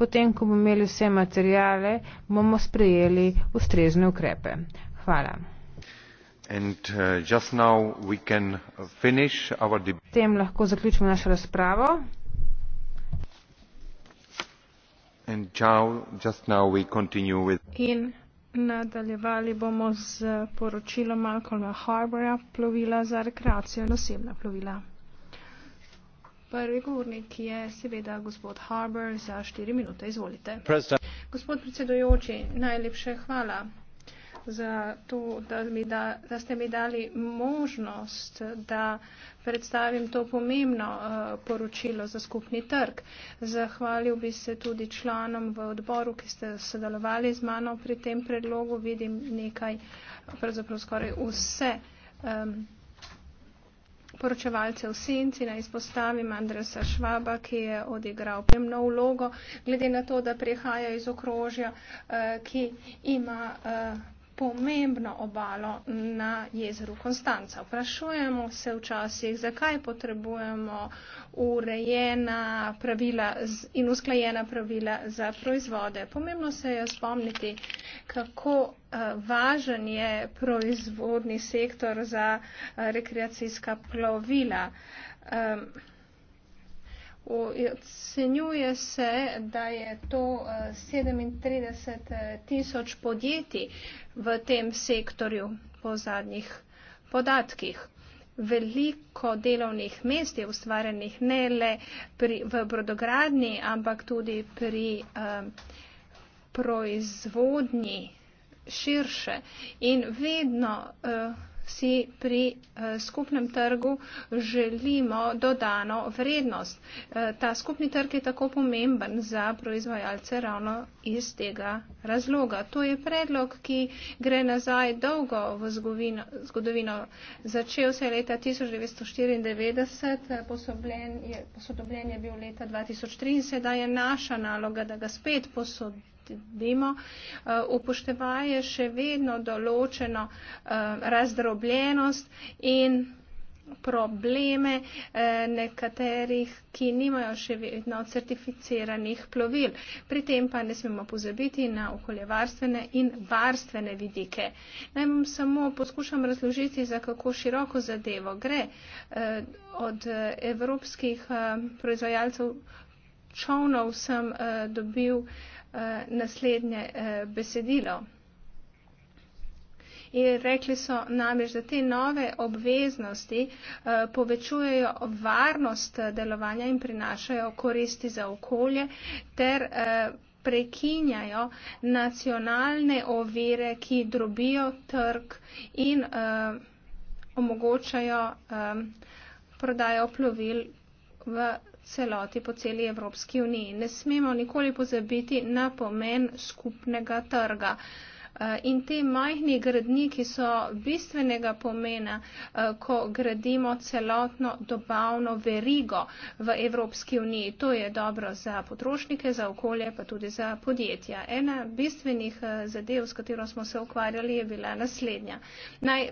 Potem, ko bomo imeli vse materijale, bomo sprejeli ustrezne ukrepe. Hvala. And, uh, Tem lahko zaključimo našo razpravo. Now, In nadaljevali bomo z poročilom Malcolma Harbora, plovila za rekreacijo in osebna plovila. Prvi govornik je seveda gospod Harbour za štiri minute. Izvolite. President. Gospod predsedujoči, najlepše hvala za to, da, mi da, da ste mi dali možnost, da predstavim to pomembno uh, poročilo za skupni trg. Zahvalil bi se tudi članom v odboru, ki ste sodelovali z mano pri tem predlogu. Vidim nekaj, pravzaprav skoraj vse. Um, poročevalce v senci, naj izpostavim Andresa Švaba, ki je odigral pomembno vlogo, glede na to, da prihaja iz okrožja, eh, ki ima eh, pomembno obalo na jezeru Konstanca. Vprašujemo se včasih, zakaj potrebujemo urejena pravila in usklajena pravila za proizvode. Pomembno se je spomniti, kako eh, važen je proizvodni sektor za eh, rekreacijska plovila. Um, Ocenjuje se, da je to 37 eh, eh, tisoč podjetij v tem sektorju po zadnjih podatkih. Veliko delovnih mest je ustvarjenih ne le pri, v brodogradni, ampak tudi pri eh, proizvodnji širše. In vedno. Eh, vsi pri eh, skupnem trgu želimo dodano vrednost. Eh, ta skupni trg je tako pomemben za proizvajalce ravno iz tega razloga. To je predlog, ki gre nazaj dolgo v zgodovino. zgodovino. Začel se je leta 1994, eh, posodobljen je bil leta 2003 in sedaj je naša naloga, da ga spet posodobimo dimo, eh, upoštevaje še vedno določeno eh, razdrobljenost in probleme eh, nekaterih, ki nimajo še vedno certificiranih plovil. Pri tem pa ne smemo pozabiti na okoljevarstvene in varstvene vidike. Naj vam samo poskušam razložiti, za kako široko zadevo gre od evropskih proizvajalcev čovnov sem dobil Eh, naslednje eh, besedilo. In rekli so namreč, da te nove obveznosti eh, povečujejo varnost delovanja in prinašajo koristi za okolje ter prekinjajo nacionalne ovire, ki drobijo trg in omogočajo prodajo plovil v celoti po celi Evropski uniji. Ne smemo nikoli pozabiti na pomen skupnega trga. Eh, in te majhni gradniki so bistvenega pomena, eh, ko gradimo celotno dobavno verigo v Evropski uniji. To je dobro za potrošnike, za okolje, pa tudi za podjetja. Ena bistvenih eh, zadev, s katero smo se ukvarjali, je bila naslednja. Naj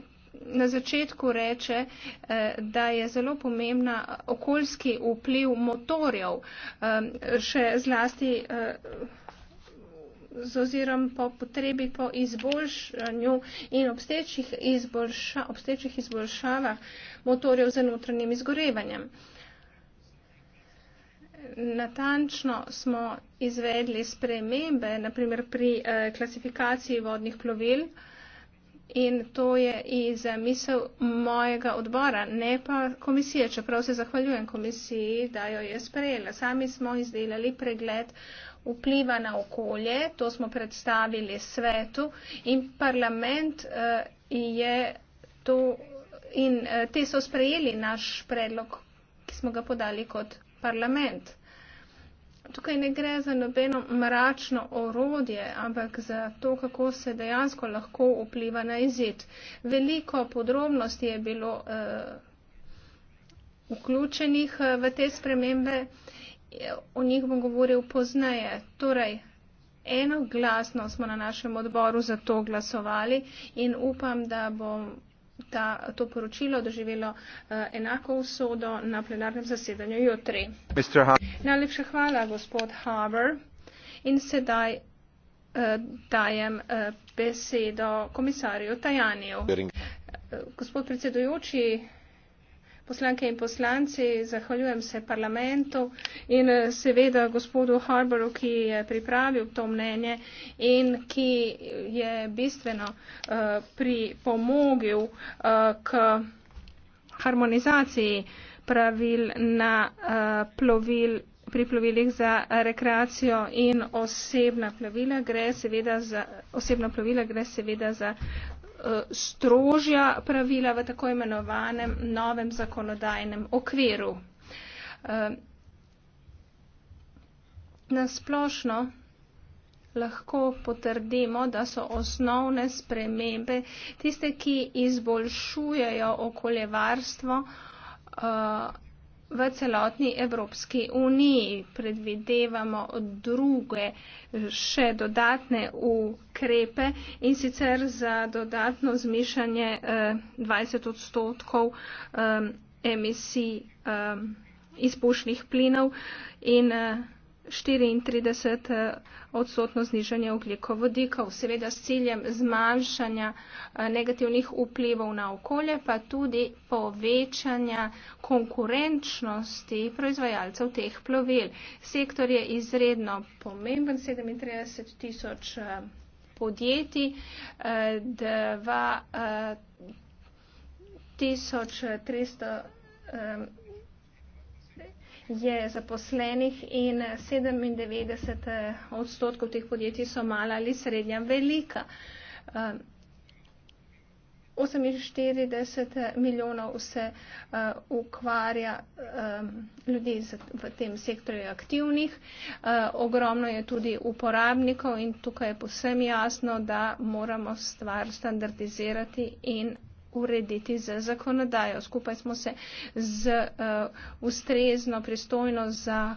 na začetku reče, eh, da je zelo pomembna okoljski vpliv motorjev, eh, še zlasti eh, z ozirom po potrebi po izboljšanju in obstečih, izboljša, obstečih izboljšavah motorjev za notranjim izgorevanjem. Natančno smo izvedli spremembe, naprimer pri eh, klasifikaciji vodnih plovil, eh, In to je i zamisel mojega odbora, ne pa komisije. Čeprav se zahvaljujem komisiji, da jo je sprejela. Sami smo izdelali pregled vpliva na okolje, to smo predstavili svetu in parlament uh, je to in uh, te so sprejeli naš predlog, ki smo ga podali kot parlament. Tukaj ne gre za nobeno mračno orodje, ampak za to, kako se dejansko lahko vpliva na izid. Veliko podrobnosti je bilo uh, vključenih eh, v te spremembe, o njih bom govoril poznaje. Torej, eno glasno smo na našem odboru za to glasovali in upam, da bom ta, to poročilo doživelo uh, enako usodo na plenarnem zasedanju jutri. Najlepša hvala, gospod Haber. In sedaj uh, dajem uh, besedo komisarju Tajaniju. Uh, gospod predsedujoči, poslanke in poslanci, zahvaljujem se parlamentu in eh, seveda gospodu Harboru, ki je pripravil to mnenje in ki je bistveno eh, pripomogil eh, k harmonizaciji pravil na plovil pri plovilih za rekreacijo in osebna plovila gre seveda za, osebna plovila gre seveda za Eh, strožja pravila v tako imenovanem novem zakonodajnem okviru. Eh, Nasplošno lahko potrdimo, da so osnovne spremembe tiste, ki izboljšujejo okoljevarstvo eh, v celotni Evropski uniji predvidevamo druge še dodatne ukrepe in sicer za dodatno zmišanje 20 eh, odstotkov eh, emisij eh, izpušnih plinov in 34 eh, odstotno znižanje oglikovodikov, seveda s ciljem zmanjšanja eh, negativnih vplivov na okolje, pa tudi povečanja konkurenčnosti proizvajalcev teh plovil. Sektor je izredno pomemben, 37 tisoč eh, podjetij, 2300 je zaposlenih in 97 eh, odstotkov teh podjetij so mala ali srednja velika. 48 eh, eh, milijonov se uh, ukvarja um, ljudi z, v tem sektorju aktivnih. Uh, ogromno je tudi uporabnikov in tukaj je posem jasno, da moramo stvar standardizirati in urediti z zakonodajo. Skupaj smo se z uh, ustrezno pristojno za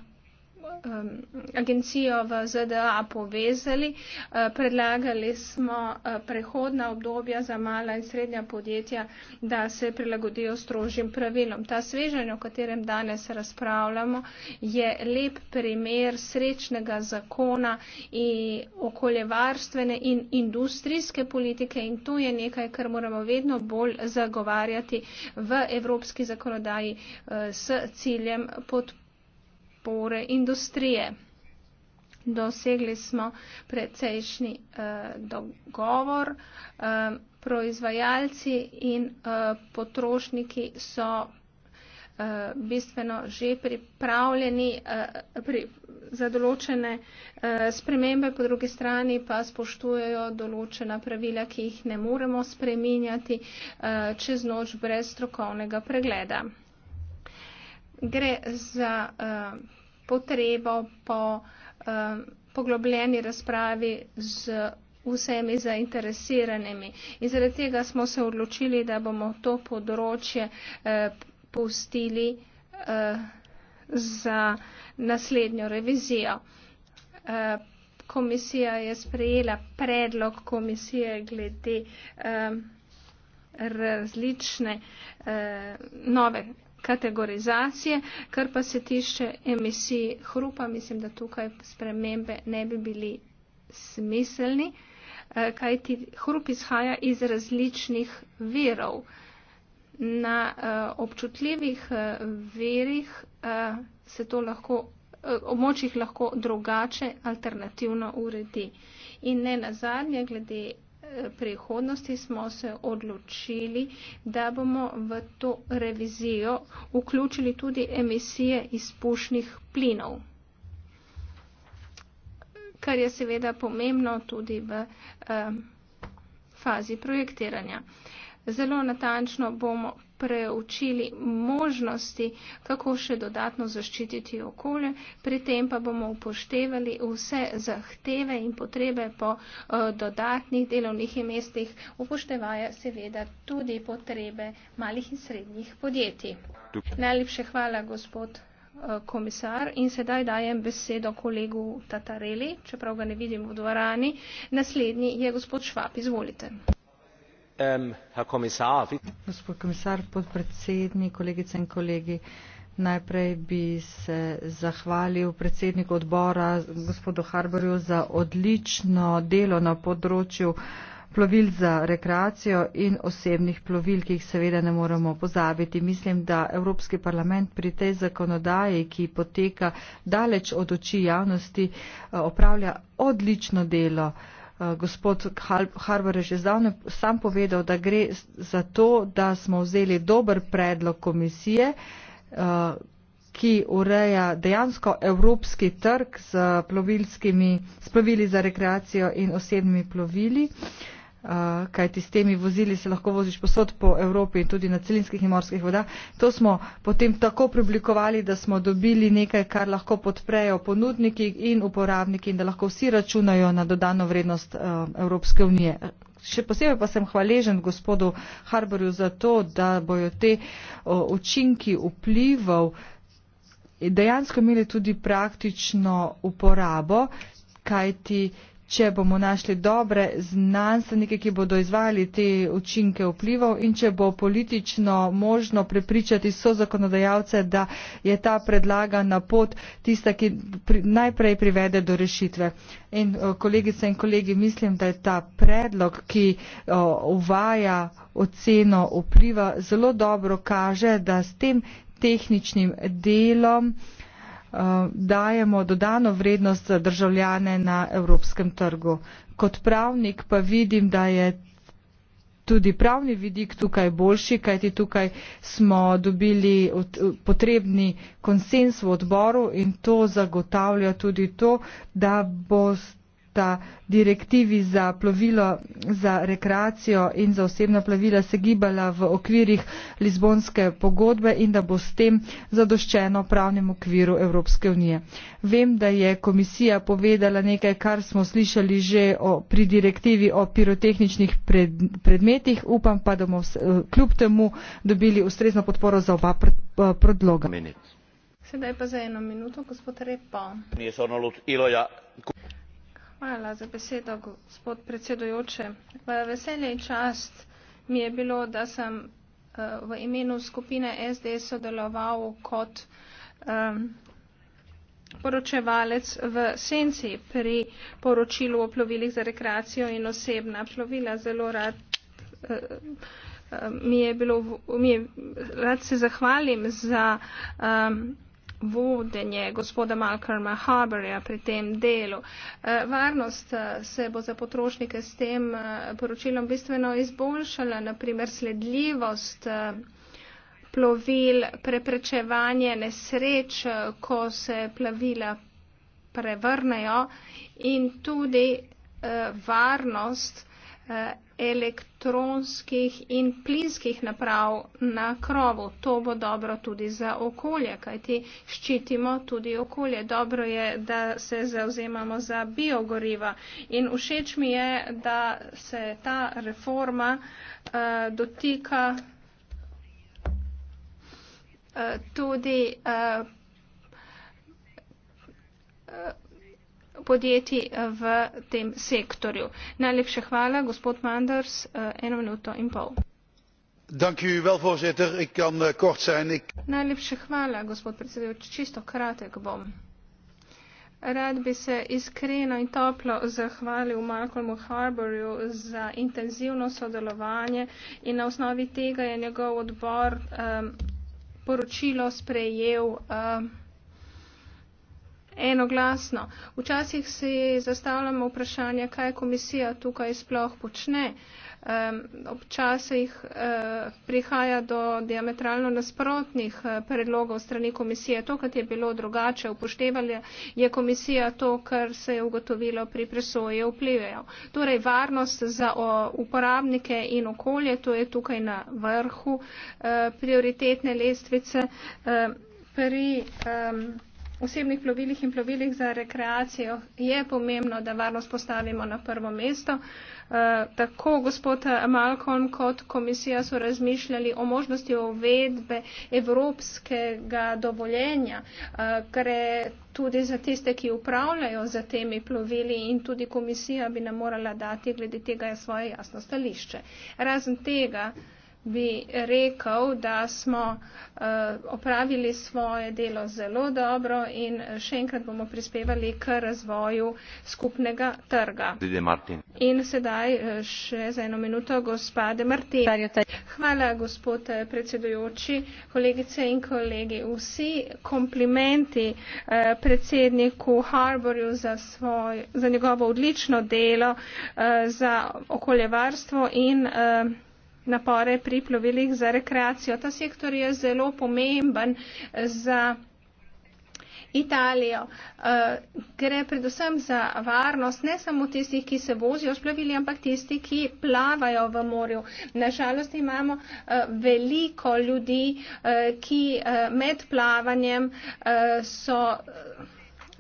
um, agencijo v ZDA povezali. Uh, predlagali smo uh, prehodna obdobja za mala in srednja podjetja, da se prilagodijo strožjim pravilom. Ta svežanj, o katerem danes razpravljamo, je lep primer srečnega zakona in okoljevarstvene in industrijske politike in to je nekaj, kar moramo vedno bolj zagovarjati v evropski zakonodaji uh, s ciljem podpore podpore industrije. Dosegli smo precejšnji eh, dogovor, eh, proizvajalci in eh, potrošniki so eh, bistveno že pripravljeni eh, pri, za določene eh, spremembe, po drugi strani pa spoštujejo določena pravila, ki jih ne moremo spreminjati eh, čez noč brez strokovnega pregleda gre za uh, potrebo po uh, poglobljeni razpravi z vsemi zainteresiranimi. In zaradi tega smo se odločili, da bomo to področje uh, pustili uh, za naslednjo revizijo. Uh, komisija je sprejela predlog komisije glede uh, različne uh, nove kategorizacije, kar pa se tišče emisij hrupa, mislim, da tukaj spremembe ne bi bili smiselni, eh, kaj ti hrup izhaja iz različnih virov. Na eh, občutljivih eh, verih se to lahko območjih lahko drugače alternativno uredi. In ne na zadnje, glede prihodnosti smo se odločili, da bomo v to revizijo vključili tudi emisije izpušnih plinov, kar je seveda pomembno tudi v eh, fazi projektiranja zelo natančno bomo preučili možnosti, kako še dodatno zaščititi okolje, pri tem pa bomo upoštevali vse zahteve in potrebe po uh, dodatnih delovnih mestih, upoštevaja seveda tudi potrebe malih in srednjih podjetij. Najlepše hvala, gospod eh, komisar in sedaj dajem besedo kolegu Tatareli, čeprav ga ne vidim v dvorani. Naslednji je gospod Švab, izvolite. Um, gospod komisar podpredsednik kolegice in kolegi najprej bi se zahvalil predsedniku odbora gospodu harbourju za odlično delo na področju plovil za rekreacijo in osebnih plovil ki jih seveda ne moremo pozabiti mislim da evropski parlament pri tej zakonodaji ki poteka daleč od oči javnosti eh, opravlja odlično delo Eh, gospod Harbor je že zdavne sam povedal, da gre za to, da smo vzeli dober predlog komisije, eh, ki ureja dejansko evropski trg z plovili za rekreacijo in osebnimi plovili. Eh, kajti s temi vozili se lahko voziš posod po Evropi in tudi na celinskih in morskih vodah. To smo potem tako preoblikovali, da smo dobili nekaj, kar lahko podprejo ponudniki in uporabniki in da lahko vsi računajo na dodano vrednost eh, Evropske unije. Še posebej pa sem hvaležen gospodu Harborju za to, da bojo te učinki vplival dejansko imeli tudi praktično uporabo, kajti če bomo našli dobre znanstvenike, ki bodo izvajali te učinke vplivov in če bo politično možno prepričati so zakonodajalce, da je ta predlagana pot tista, ki pri, najprej privede do rešitve. In kolegice in kolegi, mislim, da je ta predlog, ki o, uvaja oceno vpliva, zelo dobro kaže, da s tem tehničnim delom Eh, dajemo dodano vrednost za državljane na evropskem trgu. Kot pravnik pa vidim, da je tudi pravni vidik tukaj boljši, kajti tukaj smo dobili potrebni konsens v odboru in to zagotavlja tudi to, da boste ta direktivi za plovilo za rekreacijo in za osebna plovila se gibala v okvirih Lizbonske pogodbe in da bo s tem zadoščeno pravnem okviru Evropske unije. Vem, da je komisija povedala nekaj, kar smo slišali že o, pri direktivi o pirotehničnih pred, predmetih, upam pa, da bomo eh, kljub temu dobili ustrezno podporo za oba pred, eh, predloga. Sedaj pa za eno minuto, gospod Repa. Hvala za besedo, gospod predsedujoče. V veselje in čast mi je bilo, da sem eh, v imenu skupine SD sodeloval kot um, poročevalec v senci pri poročilu o plovilih za rekreacijo in osebna plovila. Zelo rad, uh, mi je bilo, mi je, rad se zahvalim za um, vodenje gospoda Malcolma Harborja pri tem delu. Eh, varnost eh, se bo za potrošnike s tem eh, poročilom bistveno izboljšala, naprimer sledljivost plovil, preprečevanje nesreč, ko se plavila prevrnejo in tudi varnost Eh, elektronskih in plinskih naprav na krovu. To bo dobro tudi za okolje, kajti ščitimo tudi okolje. Dobro je, da se zauzemamo za biogoriva in všeč mi je, da se ta reforma uh, dotika uh, tudi. Uh, uh, podjetij eh, v tem sektorju. Najlepša hvala, gospod Manders, eh, eno minuto in pol. Dank u wel, voorzitter. Ik kan uh, kort zijn. Ik... Najlepša hvala, gospod predsedujoči. Čisto kratek bom. Rad bi se iskreno in toplo zahvalil Malcolmu Harborju za intenzivno sodelovanje in na osnovi tega je njegov odbor um, poročilo sprejel. Um, enoglasno. Včasih si zastavljamo vprašanje, kaj komisija tukaj sploh počne. Um, občasih uh, eh, prihaja do diametralno nasprotnih uh, predlogov strani komisije. To, kar je bilo drugače upoštevali, je komisija to, kar se je ugotovilo pri presoji vplivajo. Torej, varnost za o, uporabnike in okolje, to je tukaj na vrhu uh, prioritetne lestvice. Uh, pri, um, osebnih plovilih in plovilih za rekreacijo je pomembno, da varnost postavimo na prvo mesto. Eh, tako gospod Malcolm kot komisija so razmišljali o možnosti uvedbe evropskega dovoljenja, kar eh, je tudi za tiste, ki upravljajo za temi plovili in tudi komisija bi nam morala dati glede tega svoje jasno stališče. Razen tega, bi rekel, da smo eh, opravili svoje delo zelo dobro in eh, še enkrat bomo prispevali k razvoju skupnega trga. In sedaj eh, še za eno minuto gospode Martin. Hvala, gospod predsedujoči, kolegice in kolegi. Vsi komplimenti predsedniku Harborju za, svoj, za njegovo odlično delo za okoljevarstvo in napore pri plovilih za rekreacijo. Ta sektor je zelo pomemben za Italijo. Eh, gre predvsem za varnost ne samo tistih, ki se vozijo s plovili, ampak tistih, ki plavajo v morju. Nažalost imamo eh, veliko ljudi, eh, ki med plavanjem so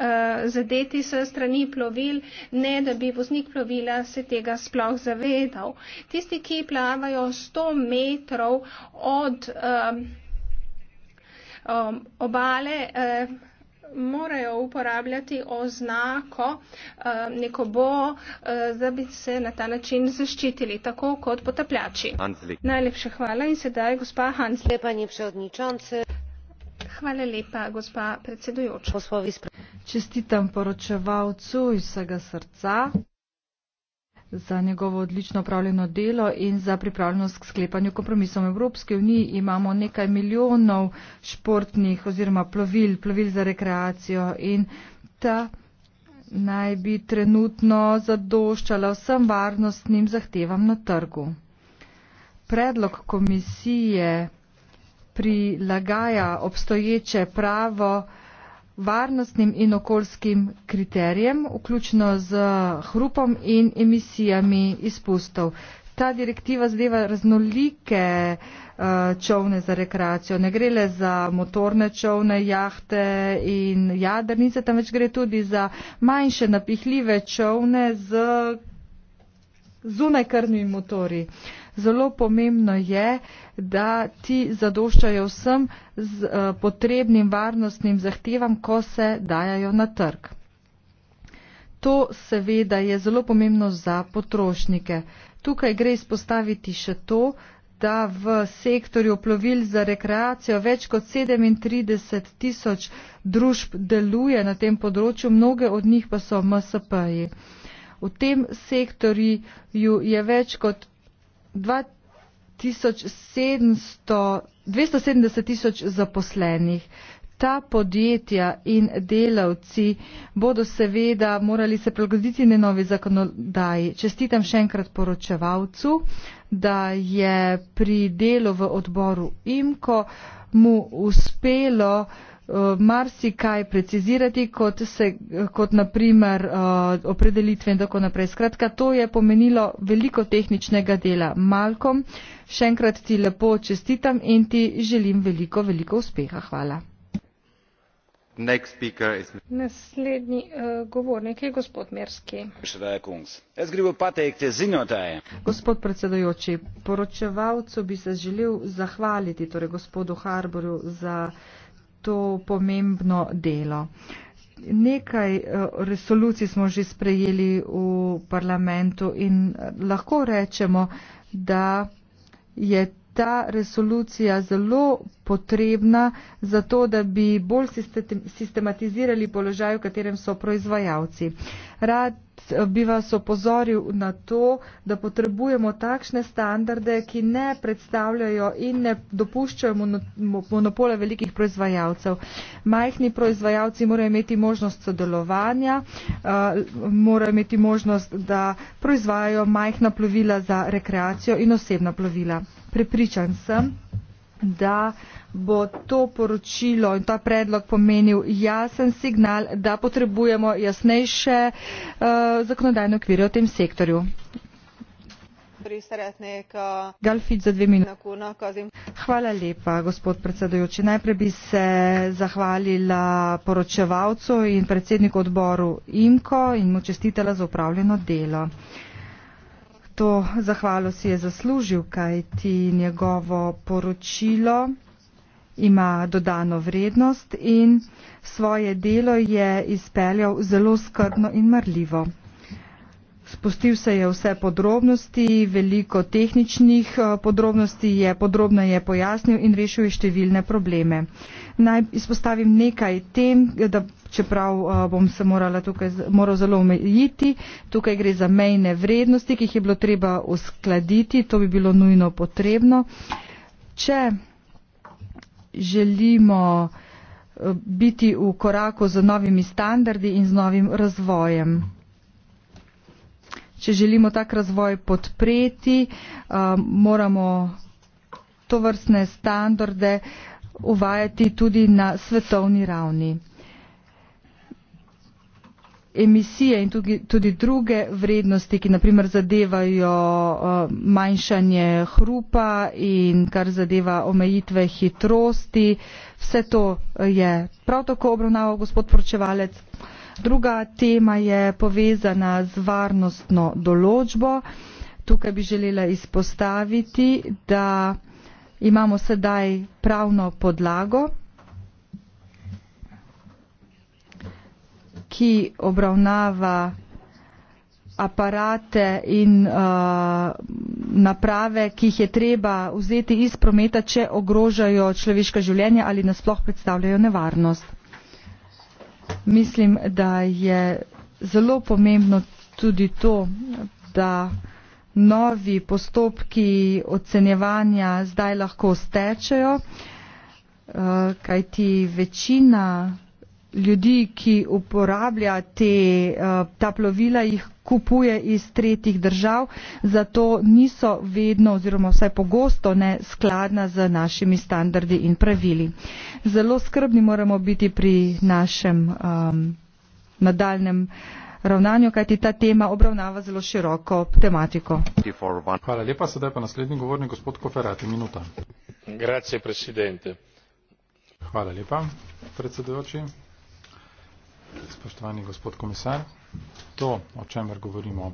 Eh, zadeti s strani plovil, ne da bi voznik plovila se tega sploh zavedal. Tisti, ki plavajo 100 metrov od um, obale, um, morajo uporabljati oznako, um, neko bo, da um, bi se na ta način zaščitili, tako kot potapljači. Hansli. Najlepše hvala in sedaj gospa Hans. Lepa, Hvala lepa, gospa predsedujoča. Čestitam poročevalcu iz vsega srca za njegovo odlično upravljeno delo in za pripravljenost k sklepanju kompromisov. V Evropski uniji imamo nekaj milijonov športnih oziroma plovil, plovil za rekreacijo in ta naj bi trenutno zadoščala vsem varnostnim zahtevam na trgu. Predlog komisije prilagaja obstoječe pravo varnostnim in okoljskim kriterijem, vključno z hrupom in emisijami izpustov. Ta direktiva zadeva raznolike eh, čovne za rekreacijo. Ne gre le za motorne čovne, jahte in jadrnice, tam več gre tudi za manjše napihljive čovne z zunajkrnimi motori. Uh, zelo pomembno je, da ti zadoščajo vsem z, uh, potrebnim varnostnim zahtevam, ko se dajajo na trg. To seveda je zelo pomembno za potrošnike. Tukaj gre izpostaviti še to, da v sektorju plovil za rekreacijo več kot 37 tisoč družb deluje na tem področju, mnoge od njih pa so MSP-ji. V tem sektorju je več kot 270 tisoč zaposlenih. Ta podjetja in delavci bodo seveda morali se prilagoditi na novi zakonodaji. Čestitam še enkrat poročevalcu, da je pri delu v odboru IMKO mu uspelo uh, Eh, marsikaj precizirati, kot, se, kot naprimer eh, opredelitve in tako naprej. Skratka, to je pomenilo veliko tehničnega dela. Malkom, še enkrat ti lepo čestitam in ti želim veliko, veliko uspeha. Hvala. Is... Naslednji uh, govornik je gospod Merski. Gospod predsedojoči, poročevalcu bi se želel zahvaliti, torej gospodu Harborju, za to pomembno delo. Nekaj eh, resolucij smo že sprejeli v parlamentu in eh, lahko rečemo, da je ta resolucija zelo potrebna za to, da bi bolj sistematizirali položaj, v katerem so proizvajalci. Rad eh, bi vas opozoril na to, da potrebujemo takšne standarde, ki ne predstavljajo in ne dopuščajo monopola velikih proizvajalcev. Majhni proizvajalci morajo imeti možnost sodelovanja, eh, morajo imeti možnost, da proizvajajo majhna plovila za rekreacijo in osebna plovila. Prepričan sem, da bo to poročilo in ta predlog pomenil jasen signal, da potrebujemo jasnejše uh, zakonodajne okvire v tem sektorju. Hvala lepa, gospod predsedujoči. Najprej bi se zahvalila poročevalcu in predsedniku odboru IMKO in mu čestitela za upravljeno delo. Uh, To zahvalo si je zaslužil, kaj ti njegovo poročilo ima dodano vrednost in svoje delo je izpeljal zelo skrbno in mrljivo. Spustil se je vse podrobnosti, veliko tehničnih eh, podrobnosti je podrobno je pojasnil in rešil je številne probleme. Naj izpostavim nekaj tem, da čeprav eh, bom se morala tukaj moral zelo omejiti. Tukaj gre za mejne vrednosti, ki jih je bilo treba uskladiti, to bi bilo nujno potrebno. Če želimo eh, biti v koraku z novimi standardi in z novim razvojem. Če želimo tak razvoj podpreti, eh, moramo to vrstne standarde uvajati tudi na svetovni ravni emisije in tudi, tudi druge vrednosti, ki naprimer zadevajo eh, manjšanje hrupa in kar zadeva omejitve hitrosti. Vse to je prav tako obravnaval gospod poročevalec. Druga tema je povezana z varnostno določbo. Tukaj bi želela izpostaviti, da imamo sedaj pravno podlago ki obravnava aparate in uh, naprave, ki jih je treba vzeti iz prometa, če ogrožajo človeška življenja ali nasploh predstavljajo nevarnost. Mislim, da je zelo pomembno tudi to, da novi postopki ocenjevanja zdaj lahko stečajo, uh, kajti večina ljudi, ki uporablja te, eh, ta plovila, jih kupuje iz tretjih držav, zato niso vedno oziroma vsaj pogosto ne skladna z našimi standardi in pravili. Zelo skrbni moramo biti pri našem um, ehm, nadaljem ravnanju, kajti ta tema obravnava zelo široko tematiko. Hvala lepa, sedaj pa naslednji govornik, gospod Koferati, minuta. Grazie, Hvala lepa, predsedujoči. Spoštovani gospod komisar, to, o čemer govorimo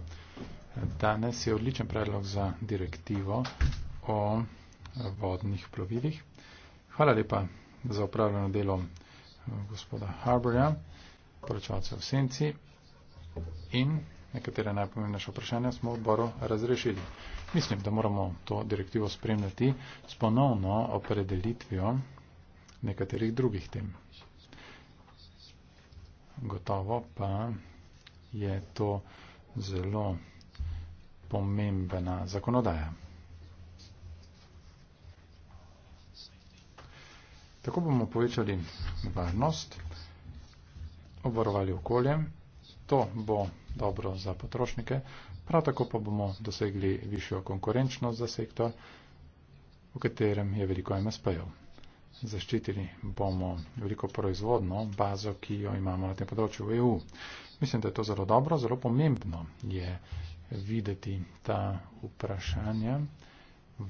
danes, je odličen predlog za direktivo o vodnih plovilih. Hvala lepa za upravljeno delo gospoda Harborja, poročevalca v Senci in nekatere najpomembnejše vprašanja smo v odboru razrešili. Mislim, da moramo to direktivo spremljati s ponovno opredelitvijo nekaterih drugih tem gotovo pa je to zelo pomembna zakonodaja. Tako bomo povečali varnost, obvarovali okolje, to bo dobro za potrošnike, prav tako pa bomo dosegli višjo konkurenčnost za sektor, v katerem je veliko MSP-jev zaščitili bomo veliko proizvodno bazo, ki jo imamo na tem področju v EU. Mislim, da je to zelo dobro, zelo pomembno je videti ta vprašanja,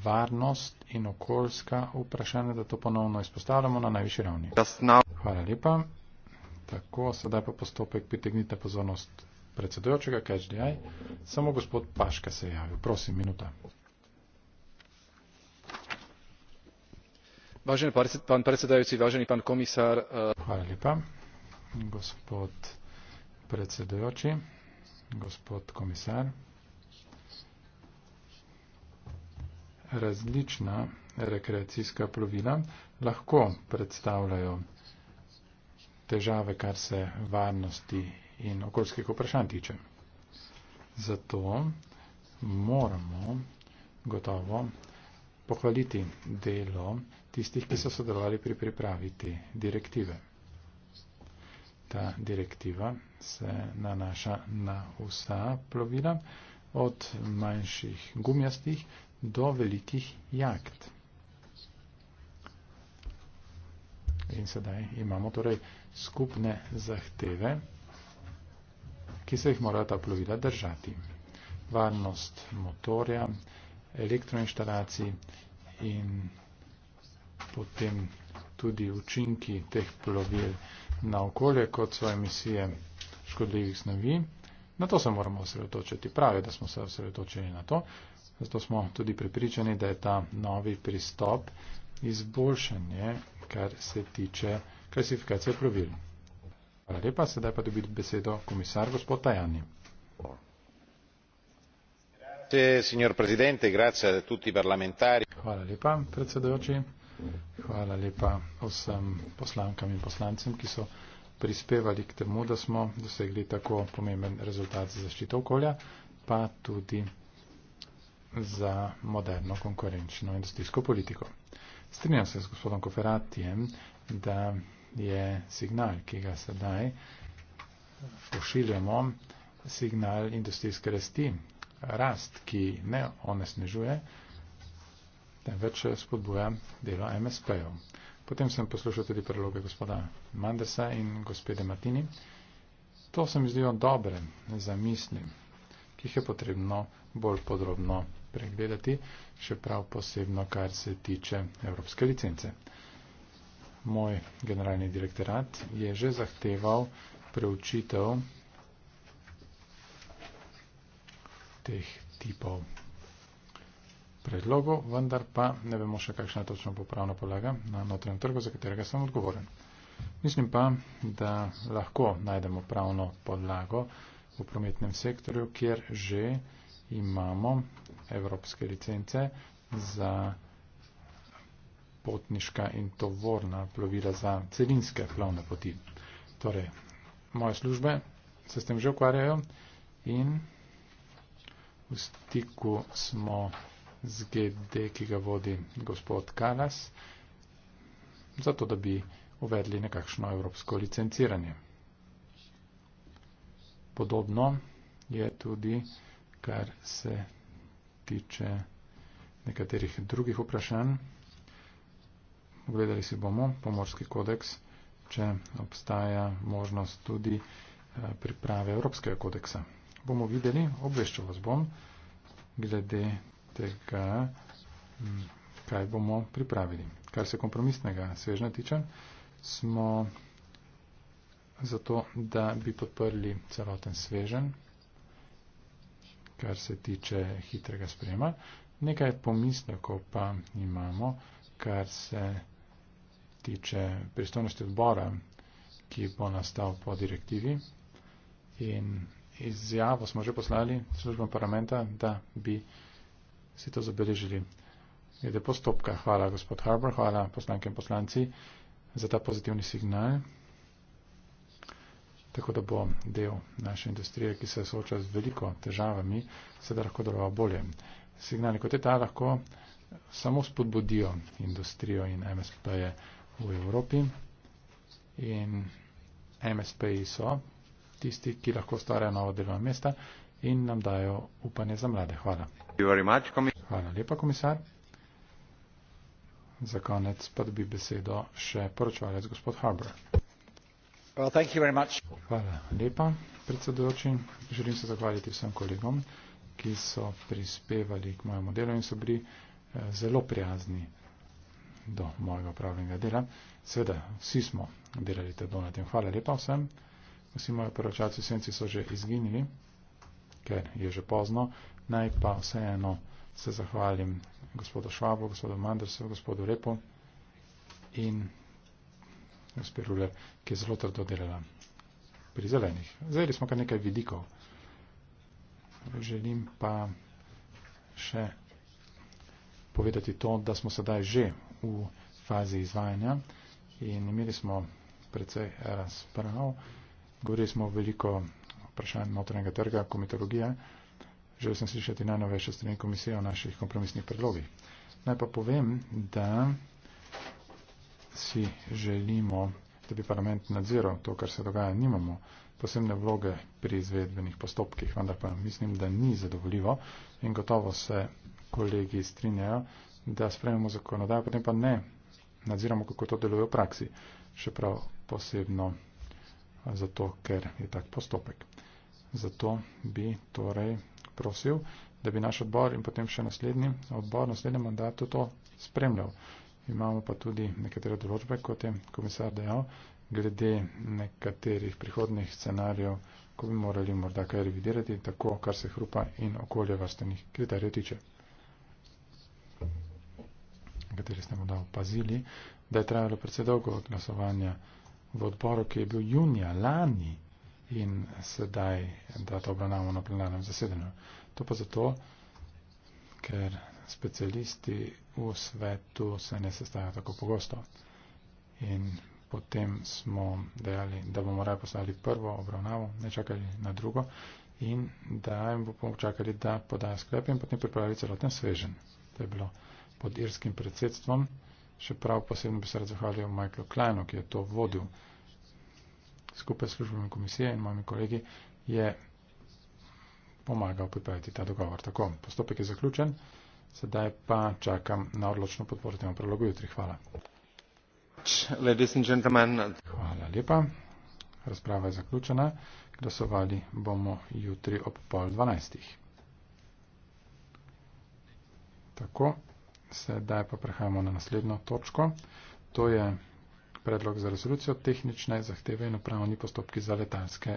varnost in okoljska vprašanja, da to ponovno izpostavljamo na najvišji ravni. Hvala lepa. Tako, sedaj pa postopek pritegnite pozornost predsedujočega KHDI. Samo gospod Paška se je javil. Prosim, minuta. vážený pán predsedajúci vážený pán e, komisár različna rekreacijska plovila lahko predstavljajo težave kar se varnosti in okoljskih vprašanj tiče zato moramo gotovo pohvaliti delo tistih, ki so sodelovali pri pripravi te direktive. Ta direktiva se nanaša na vsa plovila, od manjših gumijastih do velikih jakt. In sedaj imamo torej skupne zahteve, ki se jih mora ta plovila držati. Varnost motorja, elektroinštalacij in potem tudi učinki teh plovil na okolje, kot so emisije škodljivih snovi. Na to se moramo osredotočiti. Pravi, da smo se osredotočili na to. Zato smo tudi pripričani, da je ta novi pristop izboljšanje, kar se tiče klasifikacije plovil. Hvala lepa, sedaj pa dobiti besedo komisar gospod Tajani. Hvala lepa, predsedujoči. Hvala lepa vsem poslankam in poslancem, ki so prispevali k temu, da smo dosegli tako pomemben rezultat za zaščito okolja, pa tudi za moderno konkurenčno industrijsko politiko. Strinjam se z gospodom Koferatijem, da je signal, ki ga sedaj pošiljamo, signal industrijske rasti, rast, ki ne onesnežuje, temveč spodbuja delo MSP-jev. Potem sem poslušal tudi predloge gospoda Mandesa in gospode Martini. To se mi zdijo dobre zamisli, ki jih je potrebno bolj podrobno pregledati, še prav posebno, kar se tiče evropske licence. Moj generalni direktorat je že zahteval preučitev teh tipov predlogu, vendar pa ne vemo še, kakšna je točno popravna podlaga na notranjem trgu, za katerega sem odgovoren. Mislim pa, da lahko najdemo pravno podlago v prometnem sektorju, kjer že imamo evropske licence za potniška in tovorna plovila za celinske plovne poti. Torej, moje službe se s tem že ukvarjajo in v stiku smo z GD, ki ga vodi gospod Kalas, zato da bi uvedli nekakšno evropsko licenciranje. Podobno je tudi, kar se tiče nekaterih drugih vprašanj. Ogledali si bomo pomorski kodeks, če obstaja možnost tudi eh, priprave evropskega kodeksa. Bomo videli, obveščal vas bom glede tega, kaj bomo pripravili. Kar se kompromisnega svežna tiče, smo zato, da bi podprli celoten svežen, kar se tiče hitrega sprema. Nekaj pomislekov pa imamo, kar se tiče pristojnosti odbora, ki bo nastal po direktivi. In izjavo smo že poslali službam parlamenta, da bi si to zabeležili. Je to postopka. Hvala, gospod Harbour, hvala poslanke in poslanci za ta pozitivni signal. Tako da bo del naše industrije, ki se sooča z veliko težavami, sedaj lahko deloval bolje. Signali kot je ta lahko samo spodbudijo industrijo in MSP-je v Evropi. In MSP-ji so tisti, ki lahko ustvarjajo nova delovna mesta in nam dajo upanje za mlade. Hvala. Hvala lepa, komisar. Za konec pa dobi besedo še poročvalec gospod Harbour. Well, Hvala lepa, predsedujoči. Želim se zahvaliti vsem kolegom, ki so prispevali k mojemu delu in so bili eh, zelo prijazni do mojega upravljenega dela. Seveda, vsi smo delali trdo na tem. Hvala lepa vsem. Vsi moji poročalci v senci so že izginili ker je že pozno. Naj pa vseeno se zahvalim gospodu Švabu, gospodu Mandersu, gospodu Repo in gospodule, ki je zelo trdo delala pri zelenih. Zajeli smo kar nekaj vidikov. Želim pa še povedati to, da smo sedaj že v fazi izvajanja in imeli smo precej razprav. Govorili smo veliko vprašanj notranjega trga, komitologije. Želel sem slišati najnovejše strani komisije o naših kompromisnih predlogih. Naj pa povem, da si želimo, da bi parlament nadziral to, kar se dogaja. Nimamo posebne vloge pri izvedbenih postopkih, vendar pa mislim, da ni zadovoljivo in gotovo se kolegi strinjajo, da sprememo zakonodajo, potem pa ne nadziramo, kako to deluje v praksi. Še prav posebno zato, ker je tak postopek. Zato bi torej prosil, da bi naš odbor in potem še naslednji odbor, naslednji mandat to spremljal. Imamo pa tudi nekatere določbe, kot je komisar dejal, glede nekaterih prihodnih scenarijev, ko bi morali morda kaj revidirati, tako kar se hrupa in okolje vrstenih kriterijev tiče. Nekateri ste morda opazili, da je trajalo predvsej dolgo od glasovanja v odboru, ki je bil junija lani in sedaj, da to obravnavamo na plenarnem zasedanju. To pa zato, ker specialisti v svetu se ne sestajajo tako pogosto. In potem smo dejali, da bomo raje poslali prvo obravnavo, ne čakali na drugo in da jim bomo počakali, da podajo sklep in potem pripravili celoten svežen. To je bilo pod irskim predsedstvom. Še prav posebno bi se rad zahvalil Michaelu Kleinu, ki je to vodil skupaj s službami komisije in mojimi kolegi je pomagal pripraviti ta dogovor. Tako, postopek je zaključen, sedaj pa čakam na odločno podporo temu predlogu jutri. Hvala. Hvala lepa. Razprava je zaključena. Glasovali bomo jutri ob pol dvanajstih. Tako, sedaj pa prehajamo na naslednjo točko. To je predlog za resolucijo tehnične zahteve in upravni postopki za letalske